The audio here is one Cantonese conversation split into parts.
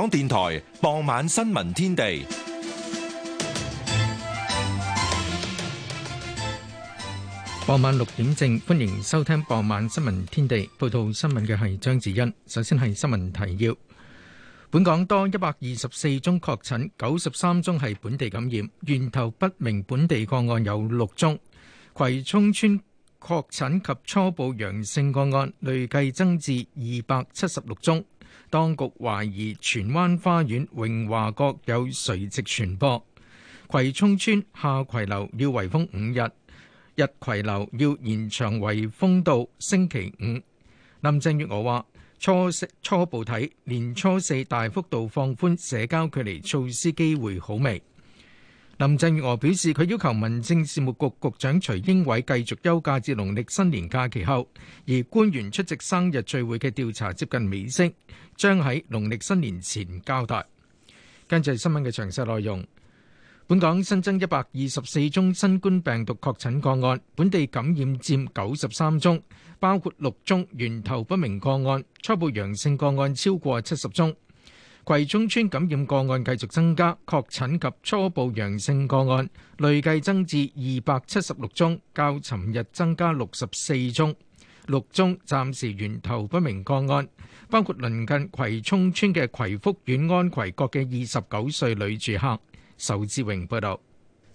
香港電台傍晚新聞天地，傍晚六點正歡迎收聽傍晚新聞天地。報道新聞嘅係張子欣。首先係新聞提要：本港多一百二十四宗確診，九十三宗係本地感染，源頭不明本地個案有六宗。葵涌邨確診及初步陽性個案累計增至二百七十六宗。當局懷疑荃灣花園榮華閣有垂直傳播，葵涌村下葵樓要圍封五日，日葵樓要延長圍封到星期五。林鄭月娥話：初初步睇，年初四大幅度放寬社交距離措施機會好微。林鄭月娥表示，佢要求民政事務局局長徐英偉繼續休假至農曆新年假期後，而官員出席生日聚會嘅調查接近尾聲，將喺農曆新年前交代。跟住係新聞嘅詳細內容。本港新增一百二十四宗新冠病毒確診個案，本地感染佔九十三宗，包括六宗源頭不明個案，初步陽性個案超過七十宗。葵涌村感染個案繼續增加，確診及初步陽性個案累計增至二百七十六宗，較尋日增加六十四宗，六宗暫時源頭不明個案，包括鄰近葵涌村嘅葵福苑安葵閣嘅二十九歲女住客。仇志榮報道。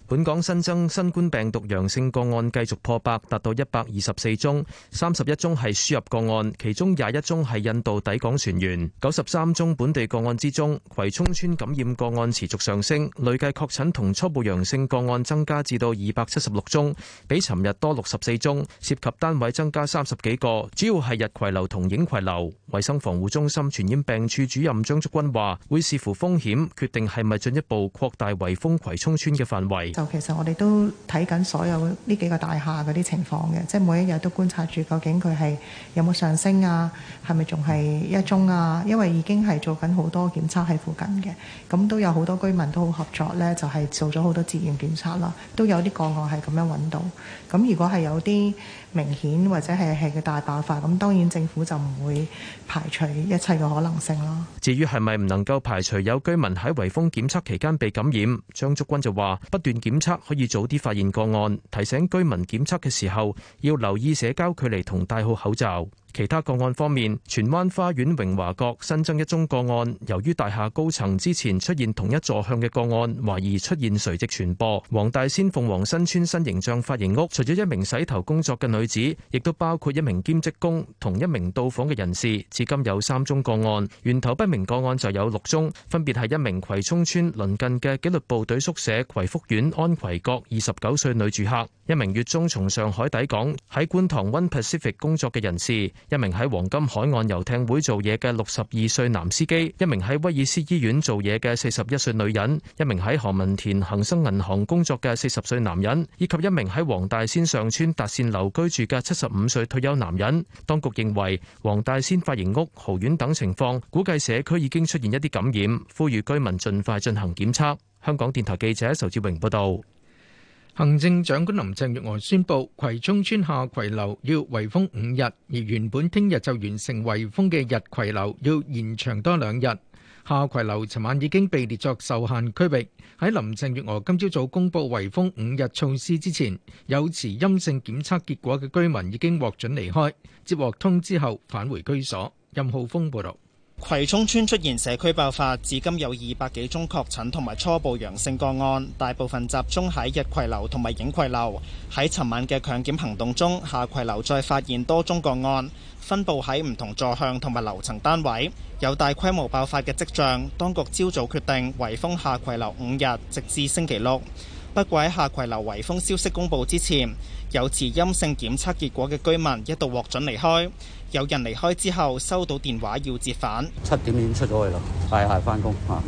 本港新增新冠病毒陽性個案繼續破百，達到一百二十四宗，三十一宗係輸入個案，其中廿一宗係印度抵港船員。九十三宗本地個案之中，葵涌村感染個案持續上升，累計確診同初步陽性個案增加至到二百七十六宗，比尋日多六十四宗，涉及單位增加三十幾個，主要係日葵樓同影葵樓，衛生防護中心傳染病處主任張竹君話，會視乎風險，決定係咪進一步擴大圍封葵涌村嘅範圍。就其實我哋都睇緊所有呢幾個大廈嗰啲情況嘅，即係每一日都觀察住究竟佢係有冇上升啊，係咪仲係一宗啊？因為已經係做緊好多檢測喺附近嘅，咁都有好多居民都好合作咧，就係、是、做咗好多自願檢測啦，都有啲個案係咁樣揾到。咁如果係有啲明顯或者係係嘅大爆發，咁當然政府就唔會排除一切嘅可能性咯。至於係咪唔能夠排除有居民喺圍封檢測期間被感染，張竹君就話不斷。檢測可以早啲發現個案，提醒居民檢測嘅時候要留意社交距離同戴好口罩。其他個案方面，荃灣花園榮華閣新增一宗個案，由於大廈高層之前出現同一座向嘅個案，懷疑出現垂直傳播。黃大仙鳳凰新村新形象髮型屋，除咗一名洗頭工作嘅女子，亦都包括一名兼職工同一名到訪嘅人士。至今有三宗個案，源頭不明個案就有六宗，分別係一名葵涌村鄰近嘅紀律部隊宿舍葵福苑安葵閣二十九歲女住客，一名月中從上海抵港喺觀塘 One Pacific 工作嘅人士。一名喺黃金海岸遊艇會做嘢嘅六十二歲男司機，一名喺威爾斯醫院做嘢嘅四十一歲女人，一名喺何文田恒生銀行工作嘅四十歲男人，以及一名喺黃大仙上村達善樓居住嘅七十五歲退休男人。當局認為，黃大仙髮型屋、豪苑等情況，估計社區已經出現一啲感染，呼籲居民盡快進行檢測。香港電台記者仇志榮報道。行政長官林鄭月娥宣布，葵涌村下葵樓要圍封五日，而原本聽日就完成圍封嘅日葵樓要延長多兩日。下葵樓尋晚已經被列作受限區域。喺林鄭月娥今朝早公布圍封五日措施之前，有持陰性檢測結果嘅居民已經獲准離開，接獲通知後返回居所。任浩峰報道。葵涌村出現社區爆發，至今有二百幾宗確診同埋初步陽性個案，大部分集中喺日葵樓同埋影葵樓。喺尋晚嘅強檢行動中，下葵樓再發現多宗個案，分佈喺唔同座向同埋樓層單位，有大規模爆發嘅跡象。當局朝早決定圍封下葵樓五日，直至星期六。不過喺下葵樓圍封消息公佈之前，有持陰性檢測結果嘅居民一度獲准離開，有人離開之後收到電話要折返。七點已經出咗去啦，係係翻工嚇，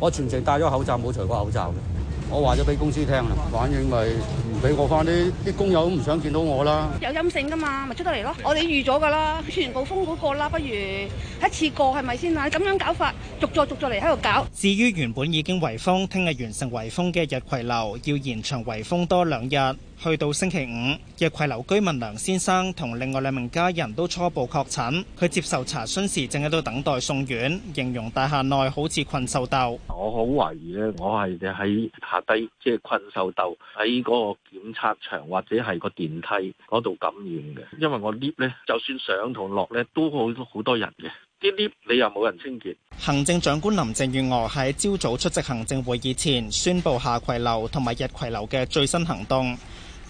我全程戴咗口罩，冇除過口罩嘅。我話咗俾公司聽啦，反應咪唔俾我翻，啲啲工友唔想見到我啦。有陰性㗎嘛，咪出得嚟咯。我哋預咗㗎啦，全部封嗰個啦，不如一次過係咪先啊？咁樣搞法，逐座逐座嚟喺度搞。至於原本已經圍封、聽日完成圍封嘅逸葵樓，要延長圍封多兩日，去到星期五。逸葵樓居民梁先生同另外兩名家人都初步確診，佢接受查詢時正喺度等待送院，形容大廈內好似困獸鬥。我好懷疑咧，我係喺第即係困獸鬥喺個檢測場或者係個電梯嗰度感染嘅，因為我 lift 咧就算上同落咧都好好多人嘅 lift 你又冇人清潔。行政長官林鄭月娥喺朝早出席行政會議前，宣布夏葵樓同埋逸葵樓嘅最新行動。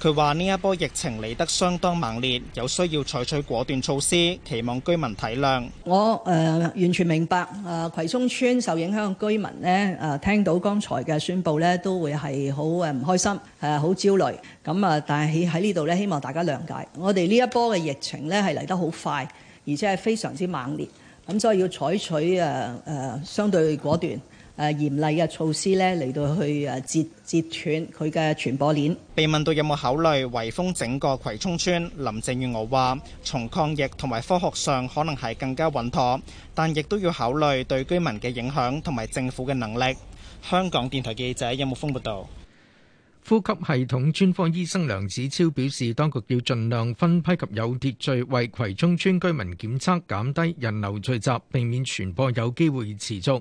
佢話：呢一波疫情嚟得相當猛烈，有需要採取果斷措施，期望居民體諒。我誒、呃、完全明白誒、呃、葵涌村受影響嘅居民咧誒、呃、聽到剛才嘅宣佈咧，都會係好誒唔開心，誒、呃、好焦慮。咁啊，但係喺呢度咧，希望大家諒解。我哋呢一波嘅疫情咧係嚟得好快，而且係非常之猛烈，咁所以要採取誒誒、呃呃、相對果斷，誒嚴厲嘅措施咧，嚟到去誒截截斷佢嘅傳播鏈。被問到有冇考慮圍封整個葵涌村，林鄭月娥話：從抗疫同埋科學上，可能係更加穩妥，但亦都要考慮對居民嘅影響同埋政府嘅能力。香港電台記者任木峯報道。呼吸系統專科醫生梁子超表示，當局要盡量分批及有秩序為葵涌村居民檢測，減低人流聚集，避免傳播有機會持續。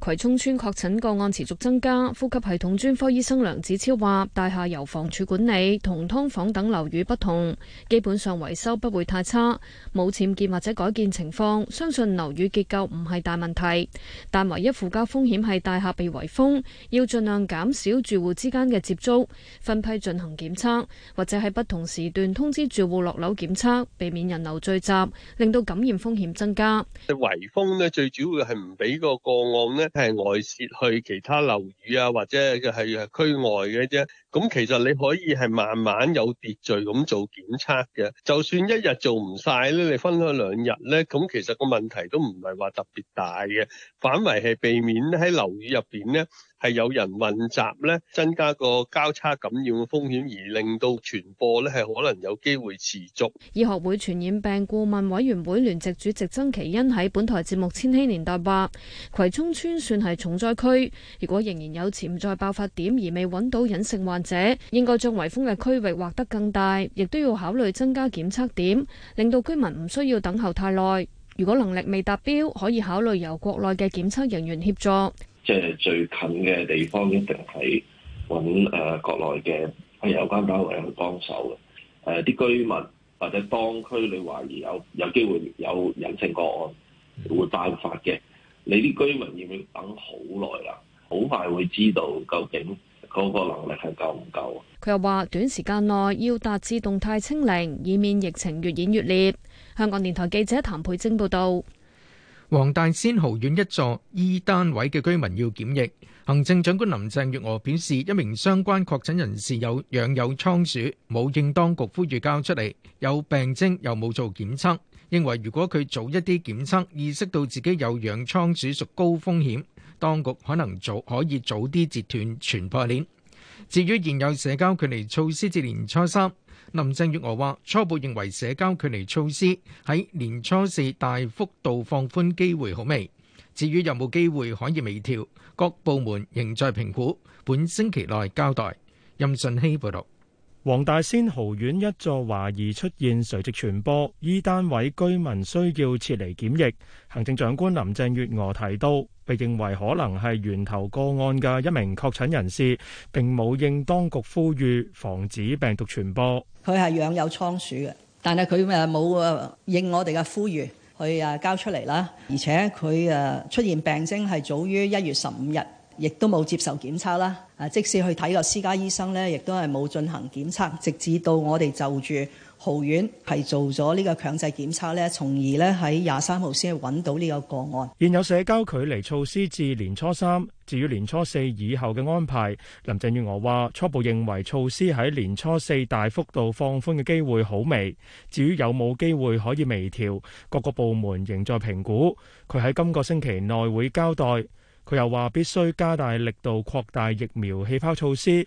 葵涌村確診個案持續增加，呼吸系統專科醫生梁子超話：大廈由房署管理，同劏房等樓宇不同，基本上維修不會太差，冇僭建或者改建情況，相信樓宇結構唔係大問題。但唯一附加風險係大廈被圍封，要盡量減少住戶之間嘅接觸，分批進行檢測，或者喺不同時段通知住戶落樓檢測，避免人流聚集，令到感染風險增加。圍封最主要係唔俾個個案。係外泄去其他樓宇啊，或者係區外嘅啫。咁其實你可以係慢慢有秩序咁做檢測嘅，就算一日做唔晒咧，你分開兩日咧，咁其實個問題都唔係話特別大嘅，反為係避免咧喺樓宇入邊咧係有人混雜咧，增加個交叉感染嘅風險而令到傳播咧係可能有機會持續。醫學會傳染病顧問委員會聯席主席曾其恩喺本台節目《千禧年代》話：葵涌村算係重災區，如果仍然有潛在爆發點而未揾到隱性患。或者應該將圍封嘅區域劃得更大，亦都要考慮增加檢測點，令到居民唔需要等候太耐。如果能力未達標，可以考慮由國內嘅檢測人員協助。即係最近嘅地方，一定係揾誒國內嘅誒、哎、有關單位去幫手嘅。誒、呃、啲居民或者當區你懷疑有有機會有隱性個案會爆發嘅，你啲居民要要等好耐啦，好快會知道究竟。嗰個能力係夠唔夠？佢又話：短時間內要達至動態清零，以免疫情越演越烈。香港電台記者譚佩晶報導。黃大仙豪苑一座 E 單位嘅居民要檢疫。行政長官林鄭月娥表示，一名相關確診人士有養有倉鼠，冇應當局呼籲交出嚟，有病徵又冇做檢測，認為如果佢早一啲檢測，意識到自己有養倉鼠屬屬高風險。當局可能早可以早啲截斷傳播鏈。至於現有社交距離措施至年初三，林鄭月娥話初步認為社交距離措施喺年初四大幅度放寬機會好微。至於有冇機會可以微調，各部門仍在評估，本星期內交代。任順希報導。黃大仙豪苑一座華疑出現垂直傳播，依單位居民需要撤離檢疫。行政長官林鄭月娥提到。被認為可能係源頭個案嘅一名確診人士，並冇應當局呼籲防止病毒傳播。佢係養有倉鼠嘅，但係佢誒冇應我哋嘅呼籲去誒交出嚟啦。而且佢誒出現病徵係早於一月十五日，亦都冇接受檢測啦。誒，即使去睇個私家醫生咧，亦都係冇進行檢測，直至到我哋就住。豪苑係做咗呢個強制檢測呢，從而咧喺廿三號先揾到呢個個案。現有社交距離措施至年初三，至於年初四以後嘅安排，林鄭月娥話初步認為措施喺年初四大幅度放寬嘅機會好微，至於有冇機會可以微調，各個部門仍在評估。佢喺今個星期內會交代。佢又話必須加大力度擴大疫苗氣泡措施。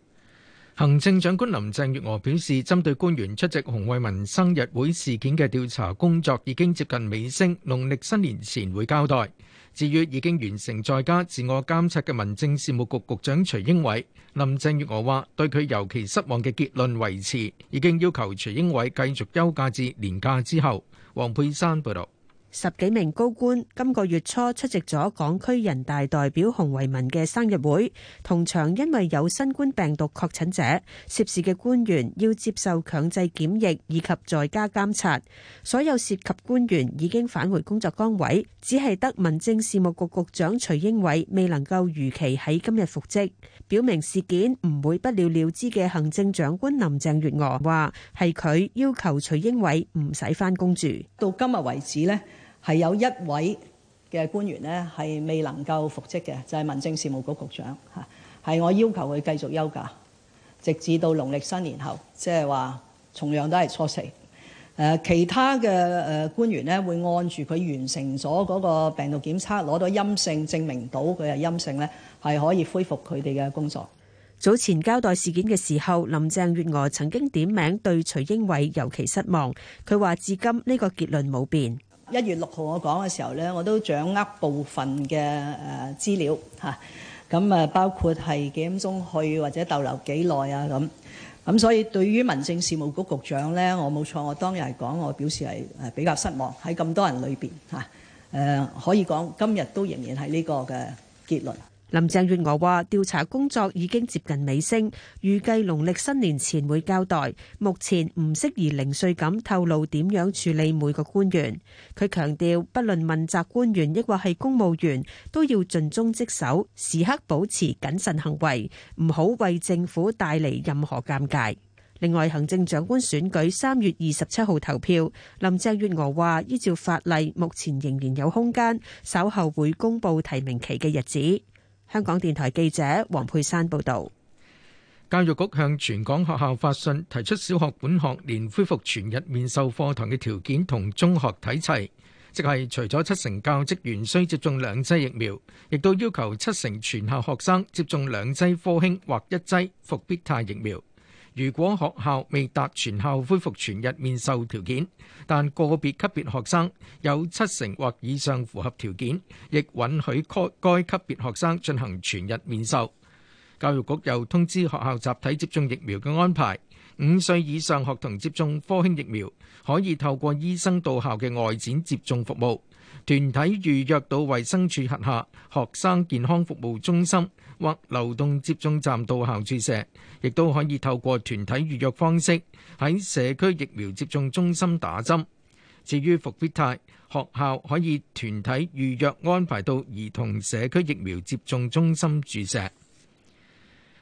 行政長官林鄭月娥表示，針對官員出席洪慧民生日會事件嘅調查工作已經接近尾聲，農曆新年前會交代。至於已經完成在家自我監察嘅民政事務局局長徐英偉，林鄭月娥話對佢尤其失望嘅結論維持，已經要求徐英偉繼續休假至年假之後。王佩珊報道。十幾名高官今個月初出席咗港區人大代表洪為民嘅生日會，同場因為有新冠病毒確診者，涉事嘅官員要接受強制檢疫以及在家監察。所有涉及官員已經返回工作崗位，只係得民政事務局局長徐英偉未能夠如期喺今日復職。表明事件唔會不了了之嘅行政長官林鄭月娥話係佢要求徐英偉唔使返工住。到今日為止呢。係有一位嘅官員呢，係未能夠復職嘅，就係、是、民政事務局局長嚇。係我要求佢繼續休假，直至到農曆新年後，即係話同樣都係初四。誒、呃，其他嘅誒官員呢，會按住佢完成咗嗰個病毒檢測，攞到陰性證明，到佢係陰性呢，係可以恢復佢哋嘅工作。早前交代事件嘅時候，林鄭月娥曾經點名對徐英偉尤其失望。佢話至今呢個結論冇變。一月六號我講嘅時候呢，我都掌握部分嘅誒、呃、資料嚇，咁、啊、誒包括係幾點鐘去或者逗留幾耐啊，咁，咁、啊、所以對於民政事務局局長呢，我冇錯，我當日係講我表示係誒比較失望喺咁多人裏邊嚇，誒、啊、可以講今日都仍然係呢個嘅結論。林鄭月娥話：調查工作已經接近尾聲，預計農曆新年前會交代。目前唔適宜零碎咁透露點樣處理每個官員。佢強調，不論問責官員，抑或係公務員，都要盡忠職守，時刻保持謹慎行為，唔好為政府帶嚟任何尷尬。另外，行政長官選舉三月二十七號投票，林鄭月娥話：依照法例，目前仍然有空間，稍後會公布提名期嘅日子。香港電台記者黃佩珊報道，教育局向全港學校發信，提出小學本學年恢復全日面授課堂嘅條件同中學體制，即係除咗七成教職員需接種兩劑疫苗，亦都要求七成全校學生接種兩劑科興或一劑復必泰疫苗。如果學校未達全校恢復全日面授條件，但個別級別學生有七成或以上符合條件，亦允許該級別學生進行全日面授。教育局又通知學校集體接種疫苗嘅安排，五歲以上學童接種科興疫苗，可以透過醫生到校嘅外展接種服務。團體預約到衛生署轄下學生健康服務中心或流動接種站到校注射，亦都可以透過團體預約方式喺社區疫苗接種中心打針。至於復必泰，學校可以團體預約安排到兒童社區疫苗接種中心注射。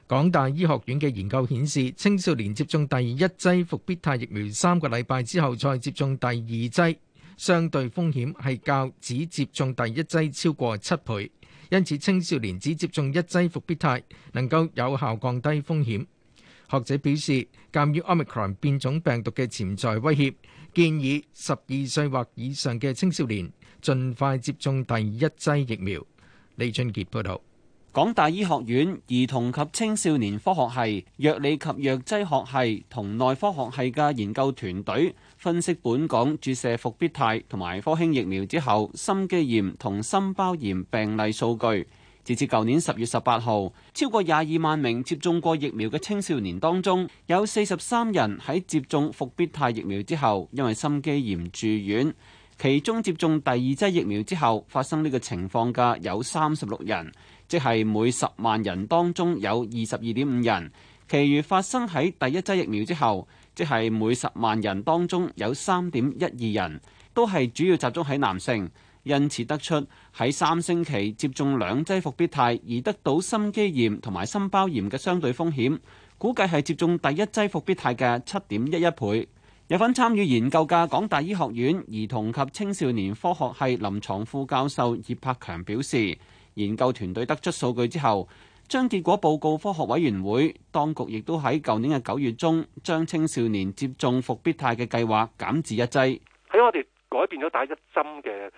港大醫學院嘅研究顯示，青少年接種第一劑復必泰疫苗三個禮拜之後再接種第二劑。相對風險係較只接種第一劑超過七倍，因此青少年只接種一劑復必泰能夠有效降低風險。學者表示，鑑於 Omicron 變種病毒嘅潛在威脅，建議十二歲或以上嘅青少年盡快接種第一劑疫苗。李俊傑報導，港大醫學院兒童及青少年科學系、藥理及藥劑學系同內科學系嘅研究團隊。分析本港注射復必泰同埋科興疫苗之後心肌炎同心包炎病例數據，截至舊年十月十八號，超過廿二萬名接種過疫苗嘅青少年當中有四十三人喺接種復必泰疫苗之後，因為心肌炎住院，其中接種第二劑疫苗之後發生呢個情況嘅有三十六人，即係每十萬人當中有二十二點五人，其餘發生喺第一劑疫苗之後。即係每十萬人當中有三點一二人，都係主要集中喺男性，因此得出喺三星期接種兩劑復必泰而得到心肌炎同埋心包炎嘅相對風險，估計係接種第一劑復必泰嘅七點一一倍。有份參與研究嘅港大醫學院兒童及青少年科學系臨床副教授葉柏強表示，研究團隊得出數據之後，將結果報告科學委員會，當局亦都喺舊年嘅九月中，將青少年接種復必泰嘅計劃減至一劑。喺我哋改變咗打一針嘅誒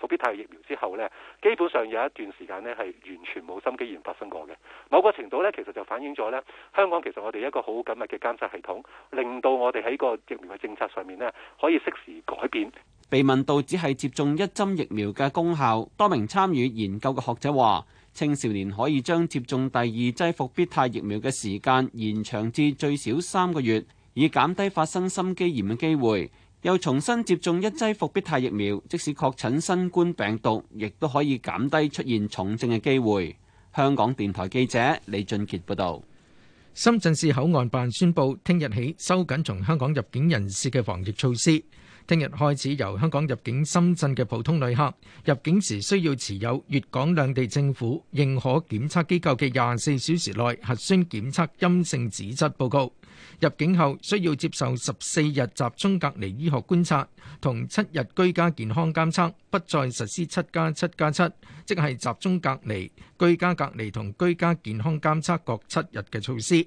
復必泰疫苗之後呢，基本上有一段時間呢係完全冇心肌炎發生過嘅。某個程度呢，其實就反映咗呢，香港其實我哋一個好緊密嘅監察系統，令到我哋喺個疫苗嘅政策上面呢，可以適時改變。被問到只係接種一針疫苗嘅功效，多名參與研究嘅學者話。青少年可以將接種第二劑復必泰疫苗嘅時間延長至最少三個月，以減低發生心肌炎嘅機會。又重新接種一劑復必泰疫苗，即使確診新冠病毒，亦都可以減低出現重症嘅機會。香港電台記者李俊傑報道。深圳市口岸辦宣布，聽日起收緊從香港入境人士嘅防疫措施。聽日開始，由香港入境深圳嘅普通旅客入境時，需要持有粵港兩地政府認可檢測機構嘅廿四小時內核酸檢測陰性紙質報告。入境後需要接受十四日集中隔離醫學觀察同七日居家健康監測，不再實施七加七加七，即係集中隔離、居家隔離同居家健康監測各七日嘅措施。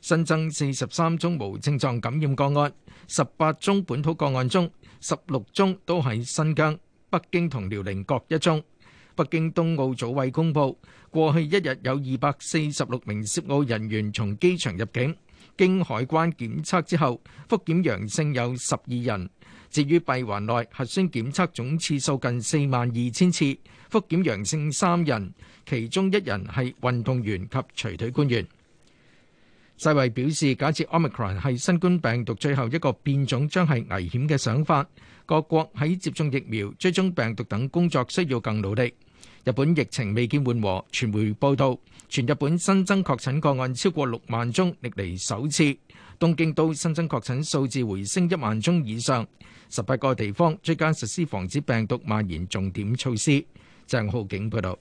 新增四十三宗無症狀感染個案，十八宗本土個案中，十六宗都喺新疆，北京同遼寧各一宗。北京冬奧組委公佈，過去一日有二百四十六名涉奧人員從機場入境，經海關檢測之後，復檢陽性有十二人。至於閉環內核酸檢測總次數近四萬二千次，復檢陽性三人，其中一人係運動員及隨隊官員。世衛表示，假設 Omicron 係新冠病毒最後一個變種，將係危險嘅想法。各國喺接種疫苗、追蹤病毒等工作需要更努力。日本疫情未見緩和，傳媒報道，全日本新增確診個案超過六萬宗，歷嚟首次。東京都新增確診數字回升一萬宗以上，十八個地方追加實施防止病毒蔓延重點措施。鄭浩景報道。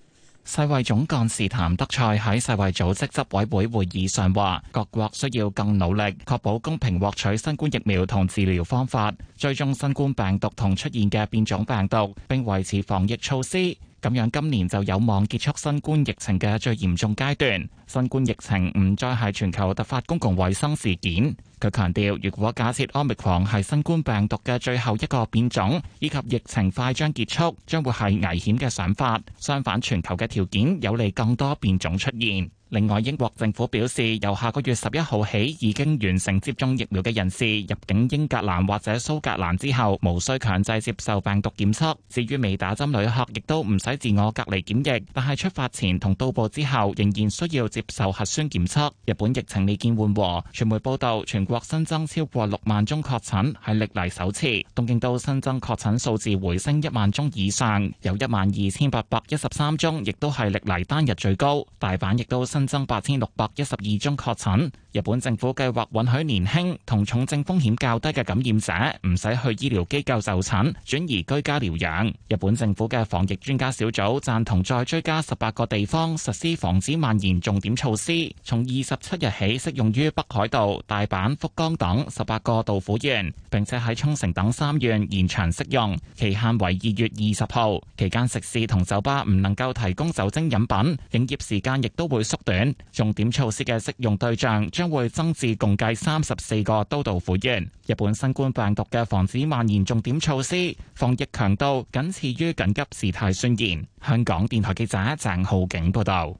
世衛總幹事譚德賽喺世衛組織執委會會議上話：各國需要更努力，確保公平獲取新冠疫苗同治療方法，追蹤新冠病毒同出現嘅變種病毒，並維持防疫措施。咁樣今年就有望結束新冠疫情嘅最嚴重階段，新冠疫情唔再係全球突發公共衛生事件。佢強調，如果假設奧密克戎係新冠病毒嘅最後一個變種，以及疫情快將結束，將會係危險嘅想法。相反，全球嘅條件有利更多變種出現。另外，英國政府表示，由下個月十一號起，已經完成接種疫苗嘅人士入境英格蘭或者蘇格蘭之後，無需強制接受病毒檢測。至於未打針旅客，亦都唔使自我隔離檢疫，但係出發前同到埗之後，仍然需要接受核酸檢測。日本疫情未見緩和，傳媒報道全國新增超過六萬宗確診，係歷嚟首次。東京都新增確診數字回升一萬宗以上，有一萬二千八百一十三宗，亦都係歷嚟單日最高。大阪亦都新增八千六百一十二宗確診。日本政府計劃允許年輕同重症風險較低嘅感染者唔使去醫療機構就診，轉移居家療養。日本政府嘅防疫專家小組贊同再追加十八個地方實施防止蔓延重點措施，從二十七日起適用於北海道、大阪、福岡等十八個道府縣，並且喺沖繩等三縣延長適用，期限為二月二十號。期間食肆同酒吧唔能夠提供酒精飲品，營業時間亦都會縮短。重點措施嘅適用對象將會增至共計三十四個都道府縣。日本新冠病毒嘅防止蔓延重點措施，防疫強度僅次於緊急事態宣言。香港電台記者鄭浩景報道。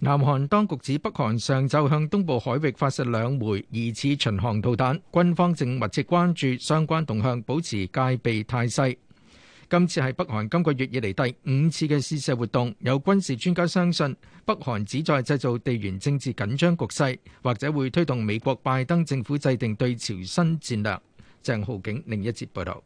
南韓當局指北韓上晝向東部海域發射兩枚疑似巡航導彈，軍方正密切關注相關動向，保持戒備態勢。今次係北韓今個月以嚟第五次嘅試射活動，有軍事專家相信北韓旨在製造地緣政治緊張局勢，或者會推動美國拜登政府制定對朝新戰略。鄭浩景另一節報道。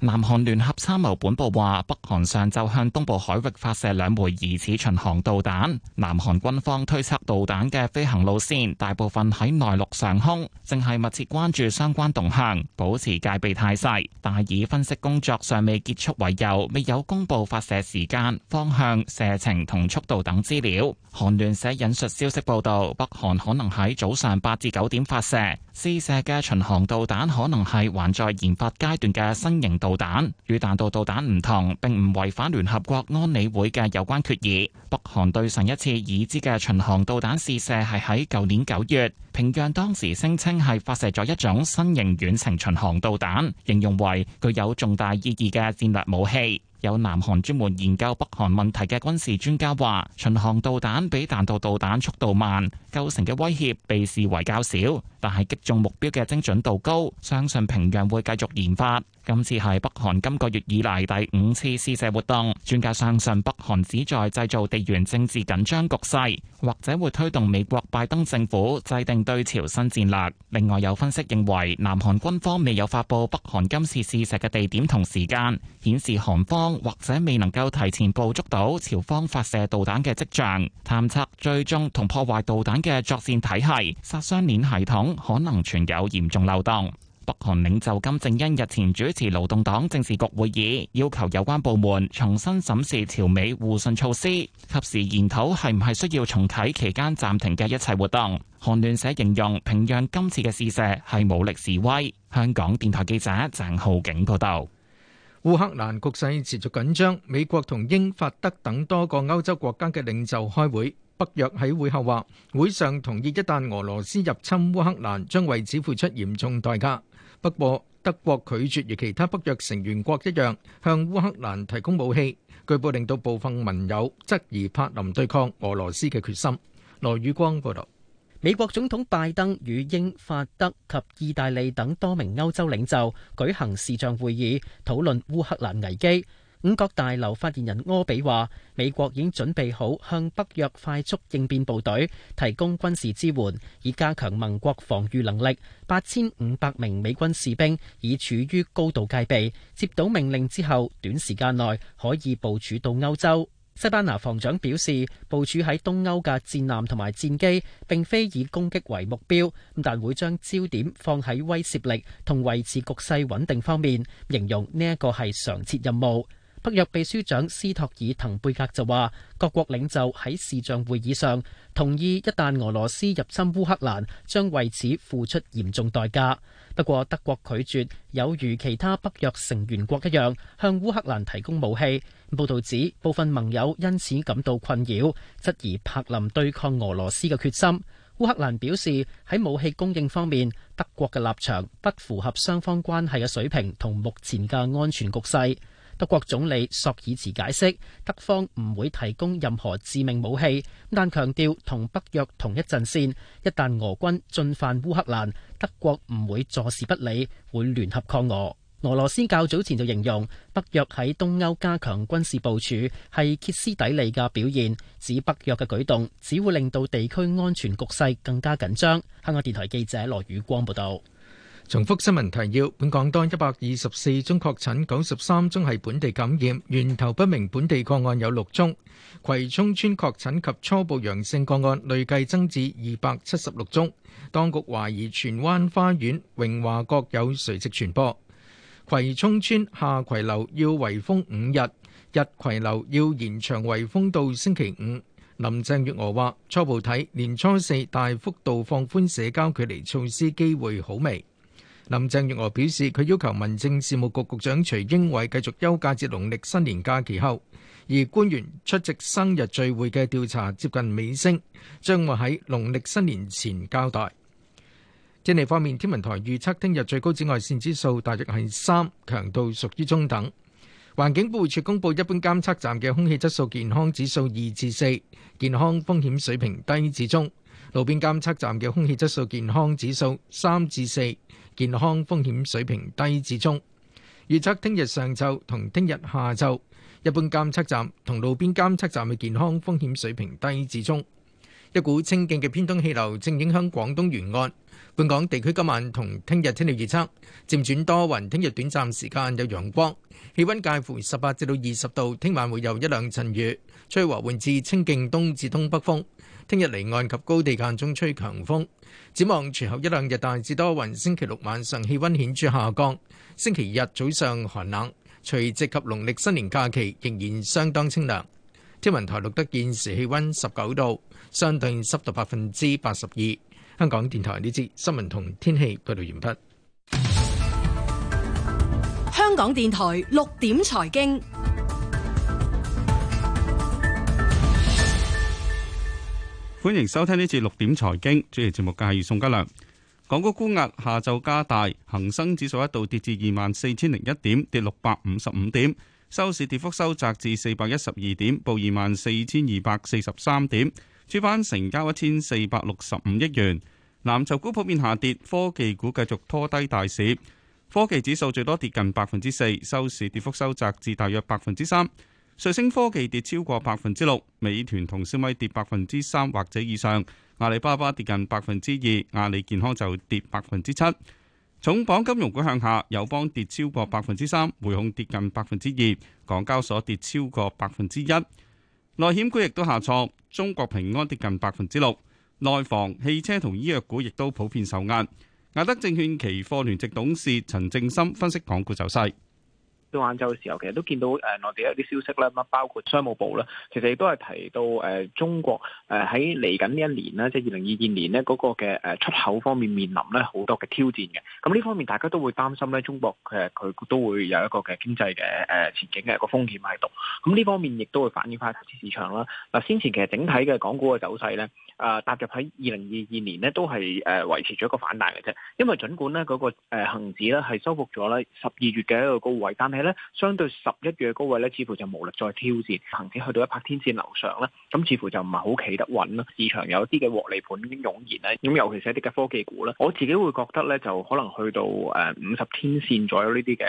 南韓聯合參謀本部話，北韓上晝向東部海域發射兩枚疑似巡航導彈。南韓軍方推測導彈嘅飛行路線大部分喺內陸上空，正係密切關注相關動向，保持戒備態勢。但以分析工作尚未結束為由，未有公布發射時間、方向、射程同速度等資料。韓聯社引述消息報道，北韓可能喺早上八至九點發射，試射嘅巡航導彈可能係還在研發階段嘅新型導彈。導彈與彈道導彈唔同，並唔違反聯合國安理會嘅有關決議。北韓對上一次已知嘅巡航導彈試射係喺舊年九月，平壤當時聲稱係發射咗一種新型遠程巡航導彈，形容為具有重大意義嘅戰略武器。有南韓專門研究北韓問題嘅軍事專家話：巡航導彈比彈道導彈速度慢，構成嘅威脅被視為較少，但係擊中目標嘅精準度高。相信平壤會繼續研發。今次係北韓今個月以嚟第五次試射活動。專家相信北韓旨在製造地緣政治緊張局勢，或者會推動美國拜登政府制定對朝新戰略。另外有分析認為，南韓軍方未有發布北韓今次試射嘅地點同時間，顯示韓方，或者未能夠提前捕捉到朝方發射導彈嘅跡象，探測、追蹤同破壞導彈嘅作戰體系、殺傷鏈系統，可能存有嚴重漏洞。北韓領袖金正恩日前主持勞動黨政治局會議，要求有關部門重新審視朝美互信措施，及時研討係唔係需要重啟期間暫停嘅一切活動。韓聯社形容平壤今次嘅試射係武力示威。香港電台記者鄭浩景報道。烏克蘭局勢持續緊張，美國同英法德等多個歐洲國家嘅領袖開會。北約喺會後話，會上同意一旦俄羅斯入侵烏克蘭，將為此付出嚴重代價。不過，德國拒絕與其他北約成員國一樣向烏克蘭提供武器，據報令到部分盟友質疑柏林對抗俄羅斯嘅決心。羅宇光報導。美國總統拜登與英、法、德及意大利等多名歐洲領袖舉行視像會議，討論烏克蘭危機。五角大樓發言人柯比話，美國已經準備好向北約快速應變部隊提供軍事支援，以加強盟國防禦能力。八千五百名美軍士兵已處於高度戒備，接到命令之後，短時間內可以部署到歐洲。西班牙防長表示，部署喺東歐嘅戰艦同埋戰機，並非以攻擊為目標，但會將焦點放喺威懾力同維持局勢穩定方面，形容呢一個係常設任務。北約秘書長斯托爾滕貝格就話，各國領袖喺視像會議上同意一旦俄羅斯入侵烏克蘭，將為此付出嚴重代價。不過德國拒絕有如其他北約成員國一樣向烏克蘭提供武器。報道指部分盟友因此感到困擾，質疑柏林對抗俄羅斯嘅決心。烏克蘭表示喺武器供應方面，德國嘅立場不符合雙方關係嘅水平同目前嘅安全局勢。德國總理索爾茨解釋，德方唔會提供任何致命武器，但強調同北約同一陣線。一旦俄軍進犯烏克蘭，德國唔會坐視不理，會聯合抗俄。俄羅斯較早前就形容北約喺東歐加強軍事部署係歇斯底里嘅表現，指北約嘅舉動只會令到地區安全局勢更加緊張。香港電台記者羅宇光報道。重複新聞提要：本港當一百二十四宗確診，九十三宗係本地感染，源頭不明。本地個案有六宗。葵涌村確診及初步陽性個案累計增至二百七十六宗。當局懷疑荃灣花園榮華閣有垂直傳播。葵涌村下葵樓要圍封五日，日葵樓要延長圍封到星期五。林鄭月娥話：初步睇年初四大幅度放寬社交距離措施機會好微。林鄭月娥表示，佢要求民政事務局局長徐英偉繼續休假至農曆新年假期後，而官員出席生日聚會嘅調查接近尾聲，將會喺農曆新年前交代。天氣方面，天文台預測聽日最高紫外線指數大約係三，強度屬於中等。環境保護署公布一般監測站嘅空氣質素健康指數二至四，健康風險水平低至中。路邊監測站嘅空氣質素健康指數三至四，健康風險水平低至中。預測聽日上晝同聽日下晝，一般監測站同路邊監測站嘅健康風險水平低至中。一股清勁嘅偏東氣流正影響廣東沿岸，本港地區今晚同聽日天氣預測漸轉多雲，聽日短暫時間有陽光，氣溫介乎十八至到二十度，聽晚會有一兩陣雨，吹和緩至清勁東至東北風。聽日離岸及高地間中吹強風，展望隨後一兩日大致多雲，星期六晚上氣溫顯著下降，星期日早上寒冷，除夕及農曆新年假期仍然相當清涼。天文台錄得現時氣溫十九度，相對濕度百分之八十二。香港電台呢節新聞同天氣報道完畢。香港電台六點財經。歡迎收聽呢次六點財經，主持節目嘅係宋嘉良。港股沽壓，下晝加大，恒生指數一度跌至二萬四千零一點，跌六百五十五點，收市跌幅收窄至四百一十二點，報二萬四千二百四十三點。主板成交一千四百六十五億元。藍籌股普遍下跌，科技股繼續拖低大市。科技指數最多跌近百分之四，收市跌幅收窄至大約百分之三。瑞聲科技跌超過百分之六，美團同小米跌百分之三或者以上，阿里巴巴跌近百分之二，阿里健康就跌百分之七。重磅金融股向下，友邦跌超過百分之三，匯控跌近百分之二，港交所跌超過百分之一。內險股亦都下挫，中國平安跌近百分之六，內房、汽車同醫藥股亦都普遍受壓。亞德證券期貨聯席董事陳正森分析港股走勢。到晏晝嘅時候，其實都見到誒、呃、內地有啲消息啦，包括商務部啦，其實亦都係提到誒、呃、中國誒喺嚟緊呢一年呢，即係二零二二年呢嗰、那個嘅誒出口方面面臨呢好多嘅挑戰嘅。咁呢方面大家都會擔心呢中國佢都會有一個嘅經濟嘅誒、呃、前景嘅一個風險喺度。咁呢方面亦都會反映翻投資市場啦。嗱、啊，先前其實整體嘅港股嘅走勢呢，啊，踏入喺二零二二年呢都係誒維持咗一個反彈嘅啫。因為儘管呢嗰、那個恒、呃、指呢係收復咗呢十二月嘅一個高位，但相對十一月嘅高位咧，似乎就無力再挑戰，恒指去到一百天線樓上咧，咁似乎就唔係好企得穩啦。市場有啲嘅獲利盤已經湧現咧，咁尤其是一啲嘅科技股啦，我自己會覺得咧，就可能去到誒五十天線左右呢啲嘅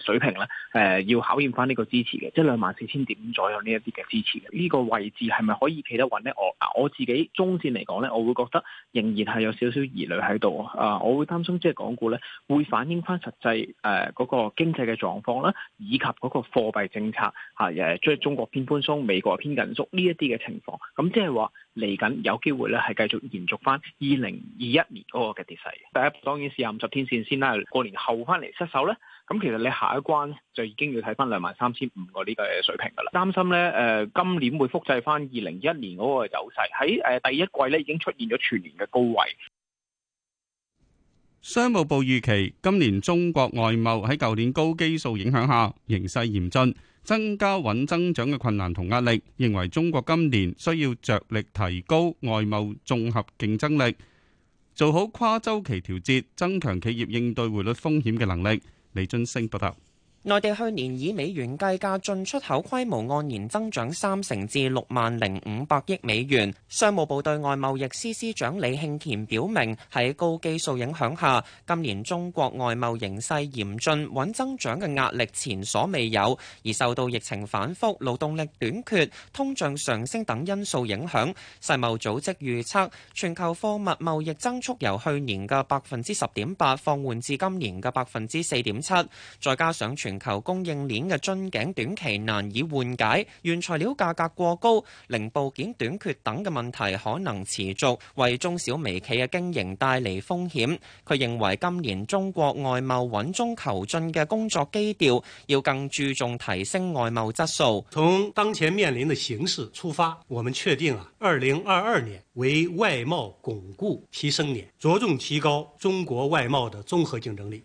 誒水平咧，誒、呃、要考驗翻呢個支持嘅，即係兩萬四千點左右呢一啲嘅支持。呢、這個位置係咪可以企得穩咧？我啊我自己中線嚟講咧，我會覺得仍然係有少少疑慮喺度啊，我會擔心即係港股咧會反映翻實際誒嗰、呃那個經濟嘅狀況啦。以及嗰個貨幣政策嚇誒，即、啊、係中國偏寬鬆，美國偏緊縮呢一啲嘅情況，咁即係話嚟緊有機會咧，係繼續延續翻二零二一年嗰個嘅跌勢。第一，當然試下五十天線先啦，過年後翻嚟失守咧，咁其實你下一關咧，就已經要睇翻兩萬三千五個呢個水平噶啦。擔心咧誒、呃，今年會複製翻二零二一年嗰個走勢，喺誒、呃、第一季咧已經出現咗全年嘅高位。商務部預期今年中國外貿喺舊年高基數影響下形勢嚴峻，增加穩增長嘅困難同壓力，認為中國今年需要着力提高外貿綜合競爭力，做好跨周期調節，增強企業應對匯率風險嘅能力。李津升報道。內地去年以美元計價進出口規模按年增長三成，至六萬零五百億美元。商務部對外貿易司司長李慶乾表明，喺高基數影響下，今年中國外貿形勢嚴峻，穩增長嘅壓力前所未有。而受到疫情反覆、勞動力短缺、通脹上升等因素影響，世貿組織預測全球貨物貿易增速由去年嘅百分之十點八放緩至今年嘅百分之四點七。再加上全全球供應鏈嘅樽頸、短期難以緩解、原材料價格過高、零部件短缺等嘅問題，可能持續為中小微企嘅經營帶嚟風險。佢認為今年中國外貿穩中求進嘅工作基調，要更注重提升外貿質素。從當前面臨嘅形勢出發，我們確定啊，二零二二年為外貿鞏固提升年，着重提高中國外貿的綜合競爭力。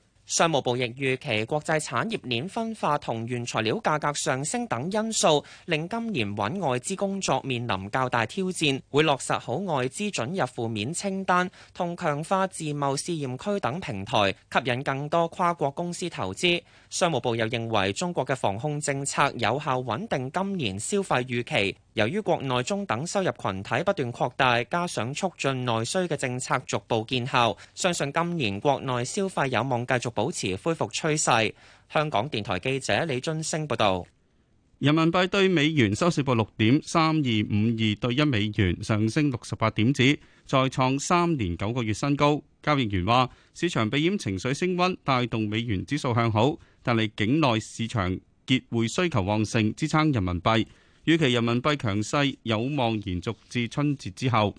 商務部亦預期國際產業鏈分化同原材料價格上升等因素，令今年穩外資工作面臨較大挑戰，會落實好外資准入負面清單同強化自貿試驗區等平台，吸引更多跨國公司投資。商務部又認為，中國嘅防控政策有效穩定今年消費預期。由於國內中等收入群體不斷擴大，加上促進內需嘅政策逐步見效，相信今年國內消費有望繼續保持恢復趨勢。香港電台記者李津升報道：「人民幣對美元收市報六點三二五二對一美元，上升六十八點子，再創三年九個月新高。」交易員話：市場避險情緒升溫，帶動美元指數向好。但係，境內市場結匯需求旺盛，支撐人民幣。預期人民幣強勢有望延續至春節之後。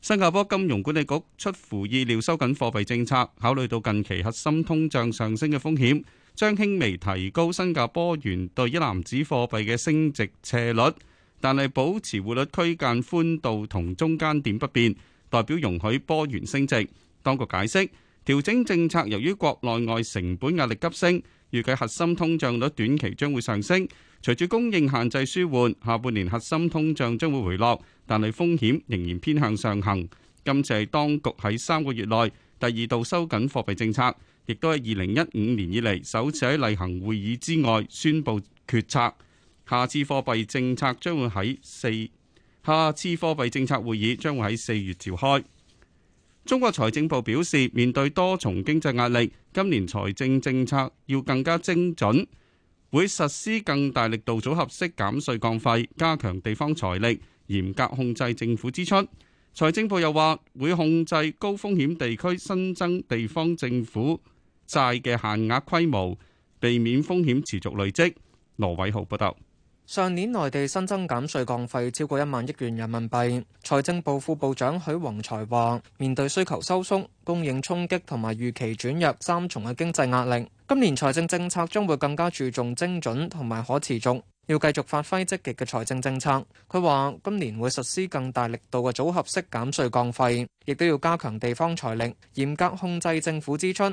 新加坡金融管理局出乎意料收緊貨幣政策，考慮到近期核心通脹上升嘅風險，將輕微提高新加坡元對一籃子貨幣嘅升值斜率，但係保持匯率區間寬度同中間點不變，代表容許坡元升值。當局解釋。調整政策，由於國內外成本壓力急升，預計核心通脹率短期將會上升。隨住供應限制舒緩，下半年核心通脹將會回落，但係風險仍然偏向上行。今次係當局喺三個月內第二度收緊貨幣政策，亦都係二零一五年以嚟首次喺例行會議之外宣布決策。下次貨幣政策將會喺四，下次貨幣政策會議將會喺四月召開。中國財政部表示，面對多重經濟壓力，今年財政政策要更加精準，會實施更大力度組合式減稅降費，加強地方財力，嚴格控制政府支出。財政部又話會控制高風險地區新增地方政府債嘅限額規模，避免風險持續累積。羅偉豪報道。上年內地新增減稅降費超過一萬億元人民幣。財政部副部長許宏才話：面對需求收縮、供應衝擊同埋預期轉弱三重嘅經濟壓力，今年財政政策將會更加注重精準同埋可持續，要繼續發揮積極嘅財政政策。佢話：今年會實施更大力度嘅組合式減稅降費，亦都要加強地方財力，嚴格控制政府支出。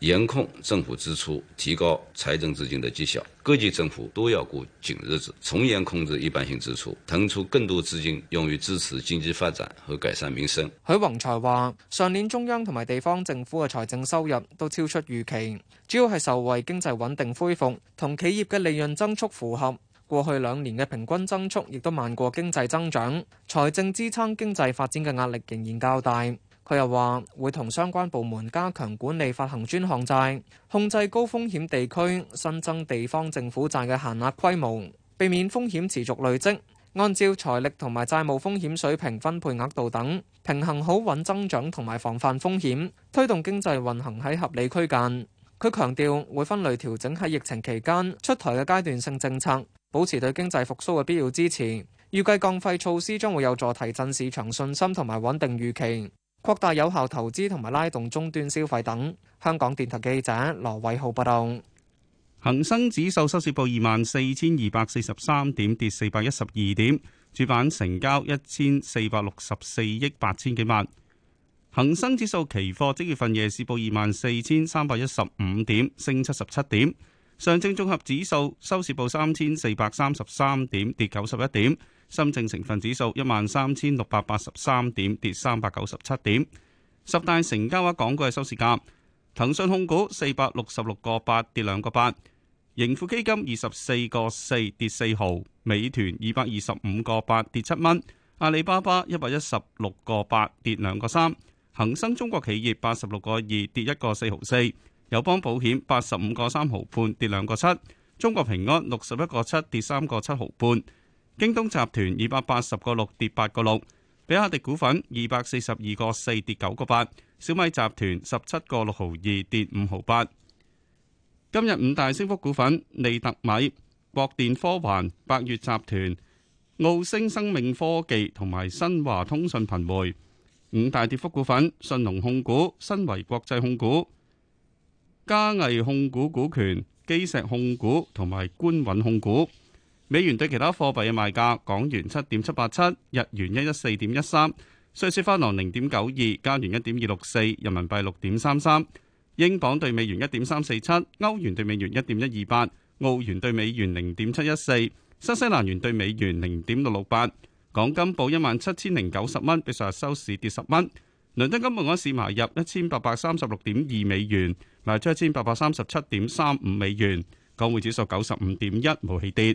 嚴控政府支出，提高財政資金的績效。各級政府都要過緊日子，從嚴控制一般性支出，騰出更多資金用於支持經濟發展和改善民生。許宏才話：上年中央同埋地方政府嘅財政收入都超出預期，主要係受惠經濟穩定恢復同企業嘅利潤增速符合過去兩年嘅平均增速，亦都慢過經濟增長，財政支撐經濟發展嘅壓力仍然較大。佢又話，會同相關部門加強管理發行專項債，控制高風險地區新增地方政府債嘅限額規模，避免風險持續累積。按照財力同埋債務風險水平分配額度等，平衡好穩增長同埋防範風險，推動經濟運行喺合理區間。佢強調會分類調整喺疫情期間出台嘅階段性政策，保持對經濟復甦嘅必要支持。預計降費措施將會有助提振市場信心同埋穩定預期。擴大有效投資同埋拉動終端消費等。香港電台記者羅偉浩報道。恒生指數收市報二萬四千二百四十三點，跌四百一十二點。主板成交一千四百六十四億八千幾萬。恒生指數期貨即月份夜市報二萬四千三百一十五點，升七十七點。上證綜合指數收市報三千四百三十三點，跌九十一點。深證成分指數一萬三千六百八十三點，跌三百九十七點。十大成交額港股嘅收市價：騰訊控股四百六十六個八，跌兩個八；盈富基金二十四個四，跌四毫；美團二百二十五個八，跌七蚊；阿里巴巴一百一十六個八，跌兩個三；恒生中國企業八十六個二，跌一個四毫四；友邦保險八十五個三毫半，跌兩個七；中國平安六十一個七，跌三個七毫半。京東集團二百八十個六，跌八個六，比亞迪股份二百四十二個四，跌九個八，小米集團十七個六毫二，跌五毫八。今日五大升幅股份：利特米、國電科環、百悅集團、奧星生命科技同埋新華通訊頻媒。五大跌幅股份：信隆控股、新維國際控股、嘉藝控股股權、基石控股同埋官允控股。美元對其他貨幣嘅賣價，港元七點七八七，日元一一四點一三，瑞士法郎零點九二，加元一點二六四，人民幣六點三三，英鎊對美元一點三四七，歐元對美元一點一二八，澳元對美元零點七一四，新西蘭元對美元零點六六八。港金報一萬七千零九十蚊，比上日收市跌十蚊。倫敦金本港市買入一千八百三十六點二美元，賣出一千八百三十七點三五美元。港匯指數九十五點一，冇起跌。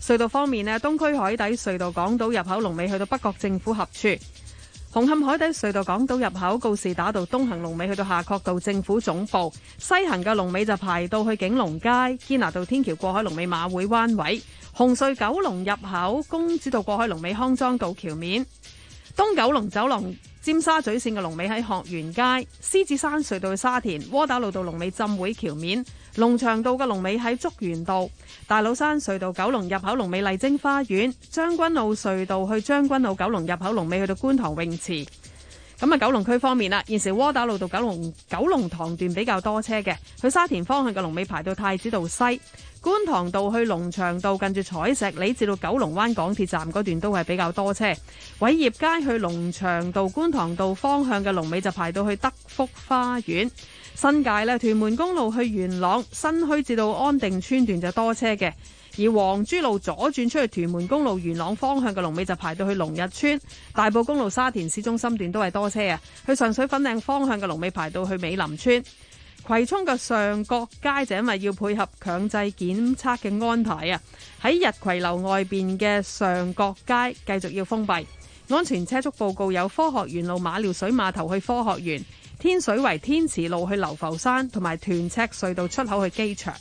隧道方面咧，東區海底隧道港島入口龍尾去到北角政府合署；紅磡海底隧道港島入口告士打道東行龍尾去到夏愨道政府總部，西行嘅龍尾就排到去景隆街堅拿道天橋過海龍尾馬會灣位；紅隧九龍入口公主道過海龍尾康莊道橋面；東九龍走廊尖沙咀線嘅龍尾喺鶴園街；獅子山隧道沙田窩打老道龍尾浸會橋面。龍翔道嘅龍尾喺竹園道，大老山隧道九龍入口龍尾麗晶花園，將軍澳隧道去將軍澳九龍入口龍尾去到觀塘泳池。咁、嗯、啊，九龍區方面啦，現時窩打老道九龍九龍塘段比較多車嘅，去沙田方向嘅龍尾排到太子道西，觀塘道去龍翔道近住彩石里至到九龍灣港鐵站嗰段都係比較多車，偉業街去龍翔道觀塘道方向嘅龍尾就排到去德福花園。新界咧，屯門公路去元朗新墟至到安定村段，就多車嘅，而黃珠路左轉出去屯門公路元朗方向嘅龍尾就排到去龍日村，大埔公路沙田市中心段都係多車啊，去上水粉嶺方向嘅龍尾排到去美林村，葵涌嘅上角街就因為要配合強制檢測嘅安排啊，喺日葵樓外邊嘅上角街繼續要封閉。安全車速報告有科學園路馬料水碼頭去科學園，天水圍天慈路去流浮山，同埋屯赤隧道出口去機場。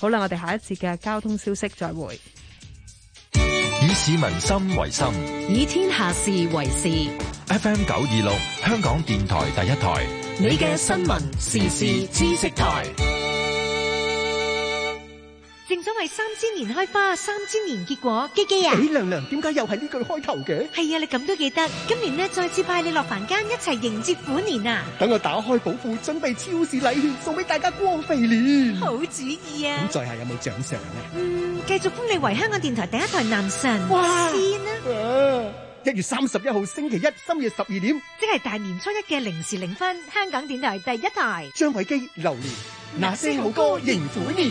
好啦，我哋下一節嘅交通消息再會。以市民心為心，以天下事為事。F M 九二六，香港電台第一台。你嘅新聞時事知識台。所謂三千年開花，三千年結果，基基啊！李娘娘，點解又係呢句開頭嘅？係啊，你咁都記得。今年呢，再次派你落凡間，一齊迎接虎年啊！等我打開寶庫，準備超市禮券送俾大家光肥年。好主意啊！咁在下有冇獎賞啊？嗯，繼續封你為香港電台第一台男神。哇！先啊！一月三十一號星期一深夜十二點，即係大年初一嘅零時零分，香港電台第一台張偉基流年，那些好歌迎虎年。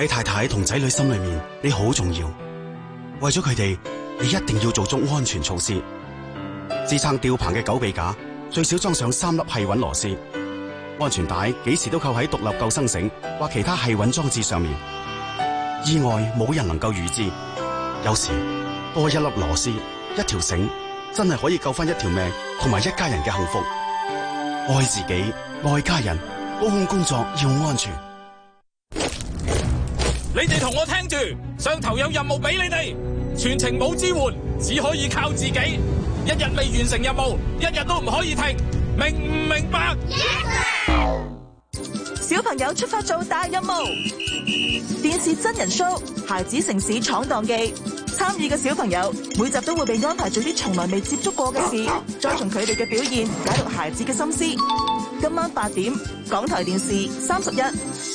喺太太同仔女心裏面，你好重要。為咗佢哋，你一定要做足安全措施。支撐吊棚嘅狗臂架最少裝上三粒繫穩螺絲，安全帶幾時都扣喺獨立救生繩或其他繫穩裝置上面。意外冇人能夠預知，有時多一粒螺絲、一條繩，真係可以救翻一條命同埋一家人嘅幸福。愛自己，愛家人，高空工作要安全。你哋同我聽住，上頭有任務俾你哋，全程冇支援，只可以靠自己。一日未完成任務，一日都唔可以停，明唔明白？Yeah! 小朋友出發做大任務，電視真人 show《孩子城市闖蕩記》，參與嘅小朋友每集都會被安排做啲從來未接觸過嘅事，再從佢哋嘅表現解讀孩子嘅心思。今晚八點，港台電視三十一。